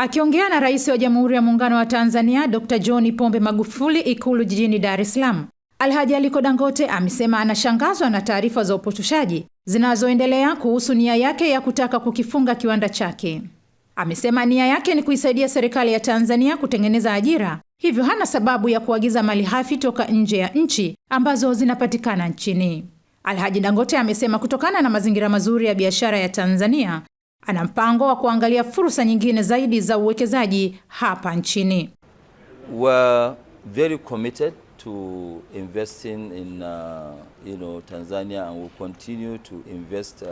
Akiongea na Rais wa Jamhuri ya Muungano wa Tanzania Dkt. John Pombe Magufuli Ikulu jijini Dar es Salaam, Alhaji Aliko Dangote amesema anashangazwa na taarifa za upotoshaji zinazoendelea kuhusu nia yake ya kutaka kukifunga kiwanda chake. Amesema nia yake ni kuisaidia serikali ya Tanzania kutengeneza ajira, hivyo hana sababu ya kuagiza mali hafi toka nje ya nchi ambazo zinapatikana nchini. Alhaji Dangote amesema kutokana na mazingira mazuri ya biashara ya Tanzania ana mpango wa kuangalia fursa nyingine zaidi za uwekezaji hapa nchini. We're very committed to investing in, uh, you know, Tanzania and we'll continue to invest, uh,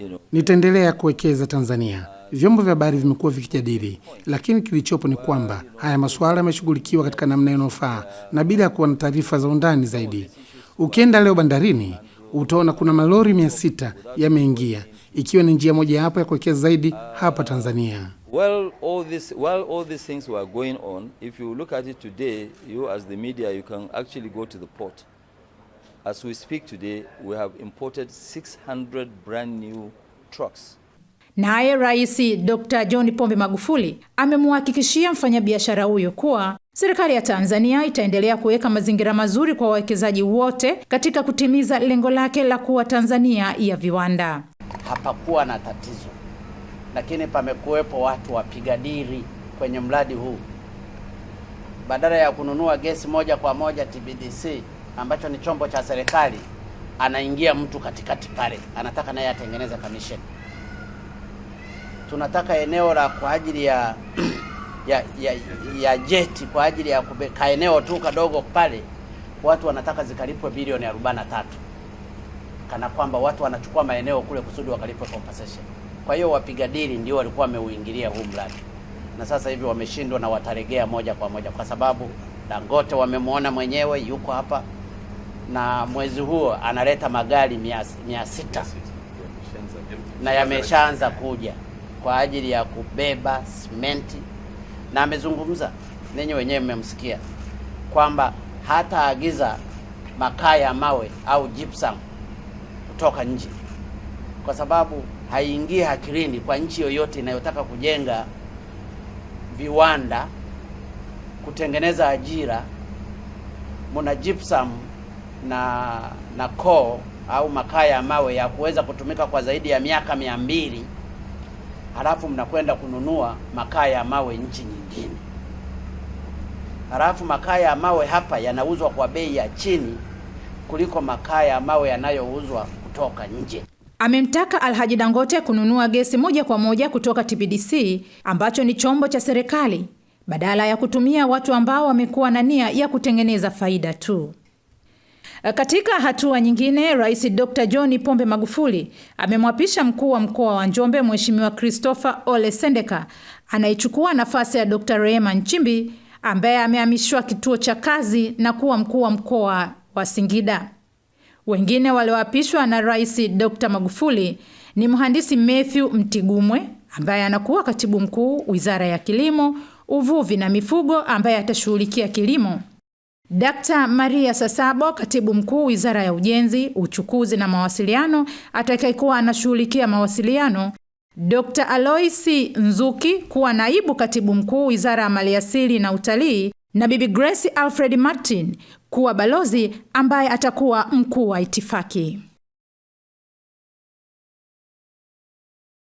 you know... Nitaendelea kuwekeza Tanzania. Vyombo vya habari vimekuwa vikijadili, lakini kilichopo ni kwamba haya masuala yameshughulikiwa katika namna inayofaa na bila ya kuwa na taarifa za undani zaidi. Ukienda leo bandarini utaona kuna malori mia sita yameingia ikiwa ni njia mojawapo ya kuwekeza zaidi hapa Tanzania. Well, all this, while all these things were going on, if you look at it today, you as the media, you can actually go to the port. As we speak today, we have imported 600 brand new trucks. Naye Rais Dr. John Pombe Magufuli amemhakikishia mfanyabiashara huyo kuwa serikali ya Tanzania itaendelea kuweka mazingira mazuri kwa wawekezaji wote katika kutimiza lengo lake la kuwa Tanzania ya viwanda hapakuwa na tatizo, lakini pamekuwepo watu wapiga diri kwenye mradi huu. Badala ya kununua gesi moja kwa moja TBDC ambacho ni chombo cha serikali, anaingia mtu katikati pale, anataka naye atengeneze commission. Tunataka eneo la kwa ajili ya ya, ya, ya jeti kwa ajili ya kubeka eneo tu kadogo pale, watu wanataka zikalipwe bilioni 43 kana kwamba watu wanachukua maeneo kule kusudi wakalipwe compensation. Kwa hiyo wapiga dili ndio walikuwa wameuingilia huu mradi, na sasa hivi wameshindwa na wataregea moja kwa moja, kwa sababu Dangote wamemwona mwenyewe yuko hapa, na mwezi huo analeta magari mia, mia sita na yameshaanza kuja kwa ajili ya kubeba simenti, na amezungumza, ninyi wenyewe mmemsikia kwamba hataagiza makaa ya mawe au gypsum kutoka nje, kwa sababu haiingie akilini kwa nchi yoyote inayotaka kujenga viwanda, kutengeneza ajira. Muna gypsum na na coal au makaa ya mawe ya kuweza kutumika kwa zaidi ya miaka mia mbili halafu mnakwenda kununua makaa ya mawe nchi nyingine, halafu makaa ya mawe hapa yanauzwa kwa bei ya chini kuliko makaa ya mawe yanayouzwa kutoka nje. Amemtaka Alhaji Dangote kununua gesi moja kwa moja kutoka TPDC ambacho ni chombo cha serikali badala ya kutumia watu ambao wamekuwa na nia ya kutengeneza faida tu. Katika hatua nyingine, Rais Dr. John Pombe Magufuli amemwapisha mkuu wa mkoa wa Njombe Mheshimiwa Christopher Ole Sendeka anayechukua nafasi ya Dr. Rehema Nchimbi ambaye amehamishwa kituo cha kazi na kuwa mkuu wa mkoa wa Singida. Wengine walioapishwa na Rais Dr. Magufuli ni Mhandisi Matthew Mtigumwe ambaye anakuwa katibu mkuu Wizara ya Kilimo, Uvuvi na Mifugo ambaye atashughulikia kilimo. Dr. Maria Sasabo, katibu mkuu Wizara ya Ujenzi, Uchukuzi na Mawasiliano atakayekuwa anashughulikia mawasiliano. Dr. Aloisi Nzuki kuwa naibu katibu mkuu Wizara ya Maliasili na Utalii na Bibi Grace Alfred Martin kuwa balozi ambaye atakuwa mkuu wa itifaki.